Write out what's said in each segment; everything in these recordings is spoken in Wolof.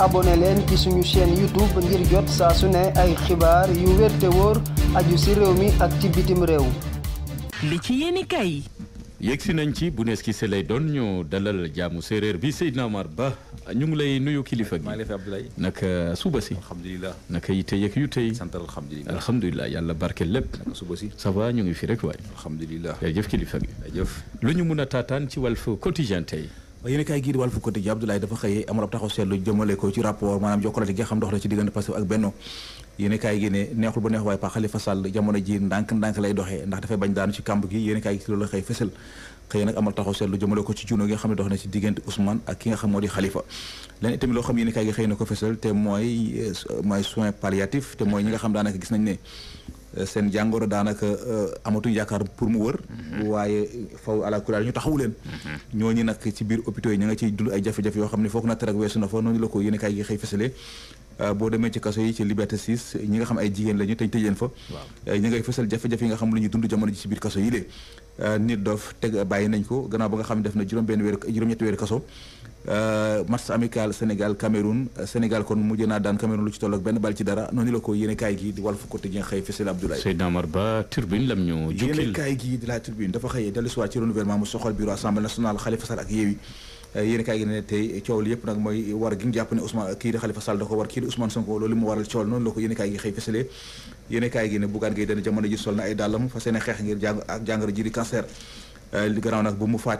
abonné leen ci suñu chaîne YouTube ngir jot saa su ne ay xibaar yu wér te wóor aju ci réew mi ak ci bitim réew. li ci yéen kay. yegsi nañ ci bu nees ki se lay doon ñu dalal jaamu séeréer bi Seydina Omar Ba ñu ngi lay nuyu kilifa gi maa ngi lay fi Abdoulaye naka suba si alhamdulilah naka yi tey ak yu tey sant alhamdulilah alhamdulilah yàlla barke lépp naka suba si ça va ñu ngi fi rek waay alhamdulilah jërëjëf kilifa gi jërëjëf lu ñu mun a taataan ci Walf Quotidien tey yéen kaay gii di Walf Quotidien Abdoulaye dafa xëyee amal ab taxaw seetlu jëmale ko ci rapport maanaam jokkalante gi gi ne neexul ba neex waaye Pa Khalifa Sall jamono ji ndànk-ndànk lay doxee ndax dafay bañ daanu ci kàmb gi yéen kaay gi ci loolu xëy fësal xëy nag amal taxaw gi nga xam ne dox na ci diggante Ousmane ak ki nga xam di Khalifa leneen itamit loo xam yéen kaay gi xëy na ko fësal te mooy eh, mooy soins te mooy ñi nga xam daanaka gis nañ ne Euh, seen jàngoro daanaka euh, amatuñ yaakaar pour mu wër mhm. waaye faw ala kulaal ñu taxawu leen mhm. ñooñu nag ci biir hôpitaux yi ña nga ciy ay jafe-jafe yoo xam ne fook na terek weesu na fa noonu la ko yéen kaay gi xëy fësale euh, boo demee ci kaso ci liberté 6 ñi nga xam ay jigéen lañu ñu teñ tëj leen fa ñi ngay fësal jafe-jafe yi nga xam lu ñuy dund jamono ji ci biir kaso yi Euh, nit dof teg euh, bàyyi nañ ko gannaaw ba nga xam ne def na juróom-benn weer juróom-ñetti weer kaso euh, match amical Sénégal Cameroun Sénégal kon mujj naa daan Cameroun lu ci toll ak benn bal ci dara noonu la ko yéene kaay gi di Walf Quotidien xëy Fesal Abdoulaye Seydina Amar Ba turbine lam ñu jukkil yéene turbine dafa xëyee dellusiwaat ci renouvellement mu soxal bureau assemblée nationale Khalifa Sall ak Yewwi Euh, yéen kaay gi ne tey coow li yëpp nag mooy war gi ñu jàpp ne Ousmane kii di Khalifa Sall da ko war kii di Ousmane Sonko loolu mu waral coow noonu la ko yéen kaay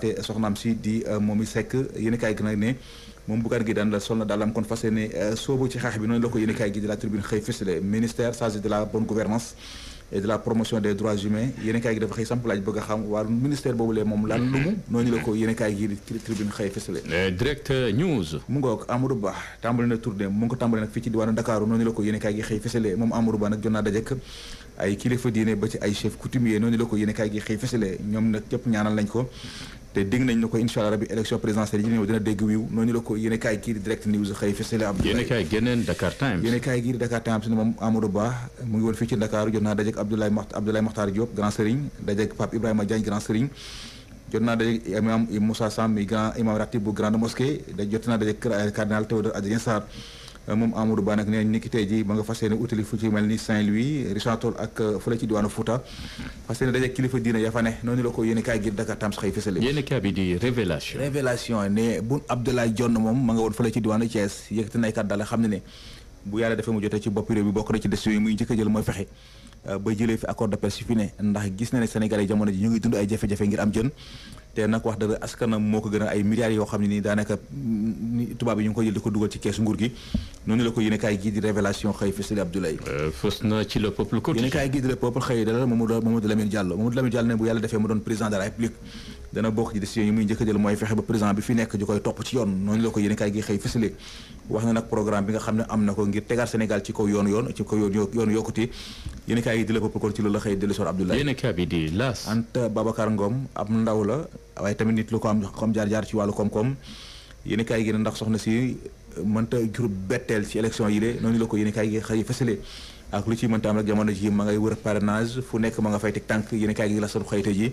gi ne moom i sekk yéen kaay gi nag ne moom Bougane Gueye Dany la sol na dàllam kon fas yéene euh, soobu ci xeex bi noonu la ko yéen kaay gi di tribune xëy fësalee ministère chargé de la bonne gouvernance et de la promotion des droits humains yéen kaay gi dafa xëy samp laaj bëgg a xam waa ministère boobu lee moom lan lu mu noonu la ko yéen kaay gi di tribune euh, euh, xëy fësale moom Amadou Ba nag jot naa dajek ay kilifa diine ba ci ay chef coutumier noonu la ko yéen gi xëy fësale ñoom nag ñëpp ñaanal nañ ko te dégg nañ ne ko incha noonu la ko yéen kaay gii di direct news xëy fësale am. yéen kaay geneen Dakar Times. yéen kaay gii di mu ngi woon fii ci jot naa dajeeg Abdoulaye Maxt Abdoulaye grand serigne dajeeg Pape Ibrahima Diagne grand serigne jot naa dajeeg imam Moussa Sam mi grand imam ratib bu grande mosquée jot naa dajeeg cardinal Théodore Adrien Sarr. moom Amadou Ba nag nee ni ki tey ji ba nga fas yéene utali fu ci mel ni Saint-Louis Richard Toll ak fële ci diwaanu Fouta fas yéene daje kilifa diine ya noonu la ko yéen kaay gi Dakar Times xëy fësale yéen kaay ne Boun Abdallah Dionne moom ma nga woon fële ci diwaanu Thiès yëkkati nay kàddu daal xam ne ne bu yàlla defee mu jotee ci bopp réew mi bokk na ci décision yi muy njëkk jël mooy fexe euh, ba jëlee fi accord de paix su ndax gis na ne Sénégalais jamono ji ñu ngi dund ay jafe-jafe ngir jën te nag wax dëgg askanam moo ko gën a ay milliards yoo xam ne nii daanaka tubaab yi ñu ngi ko jël di ko dugal ci kees nguur gi noonu la ko yéenekaay gii di révélation xëy fësal Abdoulaye euh, fës na ci le peuple côté yéenekaay gii di le peuple xëy dalal Mamadou Mamadou Lamine Diallo Mamadou Lamine Diallo ne bu yàlla defee mu doon président de la dana bokk ci décision yi muy njëkk a jël mooy fexe ba président bi fi nekk di koy topp ci yoon noonu la ko yéenekaay gi xëy fësale wax na nag programme bi nga xam ne am na ko ngir tegaat Sénégal ci kaw yoon yoon ci kaw yéen kaay yi di la ko procureur ci loolu la xëy dellu soor Abdoulaye yéen kaay bi di laas Anta Babacar Ngom ab ndaw la waaye tamit nit lu ko am xam jaar-jaar ci wàllu koom-koom yéen kaay gi ne ndax soxna si mënta jur betteel ci élection yi noonu la ko yéen kaay gi xëy fësale ak lu ci mënta am rek jamono ji ma ngay wër parrainage fu nekk ma nga fay teg tànk yéen kaay gi la soon xëyte ji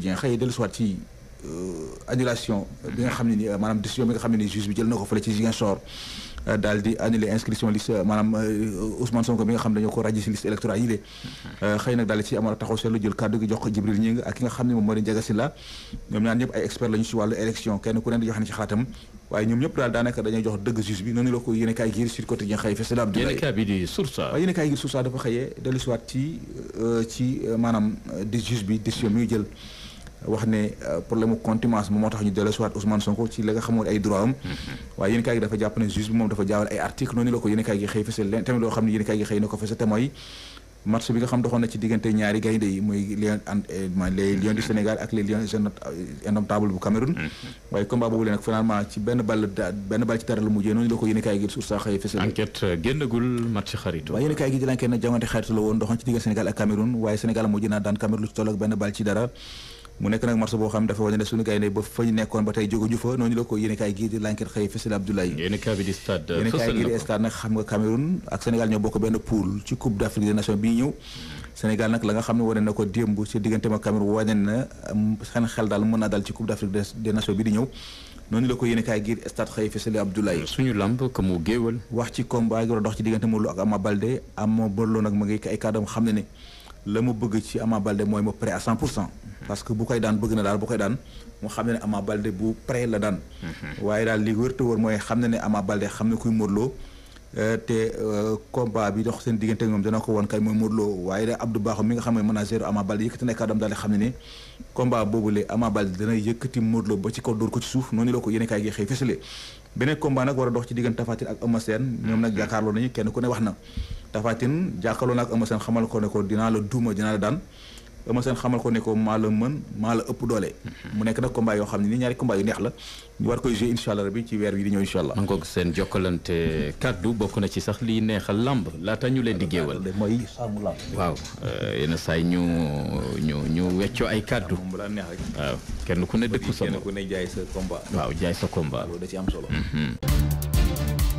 quotidien xëy dellu soit ci euh, annulation bi nga xam ne ni euh, maanaam décision bi nga xam ne ni juge bi jël na ko fële ci Ziguinchor euh, daal di annulé inscription liste maanaam Ousmane Sonko bi nga xam ne dañoo ko ràjji si liste moom moo di Njaga Silla ñoom ñaan ñëpp ay expert lañu ci wàllu élection kenn ku ne di joxe ne ci xalaatam waaye ñoom ñëpp daal daanaka dañoo jox dëgg juge bi noonu la ko yéen a kaay giir Sud Quotidien xëy fesala Abdoulaye yéen a kaay A waaye yéen a kaay giir Source A bi décision mi wax ne euh, problème mu contumace moom moo tax ñu dellusiwaat Ousmane Sonko ci la nga xamoon ay mm-hmm. waaye yéen gi dafa jàpp ne bi moom dafa jaawal ay article noonu la ko yéen gi xëy fësal leen tamit eh, bu Cameroun mm-hmm. waaye combat boobu leen nag finalement ci benn ball ci dara la mujjee noonu la ko yéen gi sur sa xëy fësal euh, génnagul match xaritu waaye gi di enquête jongante xaritu la woon doxoon ci diggante Sénégal ak Cameroun waaye Sénégal mujj naa daan Cameroun lu mu nekk nag marché boo xam ne dafa wane ne suñu gaynde ba fa ñu nekkoon ba tey jóguñu fa noonu la ko yéenekaay gii di l'enquête xëy fësal Abdoulaye yéenekaay bi di stade xam nga Cameroun ak Sénégal ñoo bokk benn nag la nga xam ne wane na ko démb ci diggante ma Cameroun wane na um, seen xel daal dal ci coupe d'Afrique des nations bi di ñëw noonu la ko yéenekaay gii di stade xëy fësal Abdoulaye suñu lamb ko mu géewal wax ci combat gi war a dox ci diggante Modou Lô ak Ama Baldé am Modou Lô nag ma ngi ay kàddoom xam ne ne la mu bëgg ci Ama Baldé mooy mu prêt à 100 pour cent parce que bu koy daan bëgg na daal bu koy daan mu xam ne ne Ama Baldé bu prêt la daan waaye daal li wër te mooy xam ne ne Ama Baldé xam ne kuy Modou euh, te euh, combat bi dox seen diggante moom dana ko xam ne manager Ama Baldé yëkkati na kàddam daal xam ne ne combat boobule Ama Baldé dana yëkkati Modou Lô ba ci kaw dóor ko ci suuf noonu la ko yéen kaay gi xëy fësale beneen combat nag war a dox ci diggante Tapha Tine ak Eumeu Sène ñoom nag hmm. na Tapha Tine jàkkaarloo na ak Eumeu Sène xamal ko ne ko dinaa la duuma dinaa la daan Eumeu seen xamal ko ne ko maa la mën maa la ëpp doole. Mhm. mu nekk nag combat yoo xam ne ni ñaari combat yu neex la ñu war koy jouer incha allah bi ci weer wi di ñëw incha allah. seen jokkalante kàddu bokk na ci sax liy neexal lamb laata ñu leen di géewal. mooy waaw euh, yenn saa yi ñu ñu ñu weccoo ay kaddu. waaw kenn ku ne dëkku sa bopp kenn ku sa combat. waaw jaay sa combat. da ci am solo. Mhm.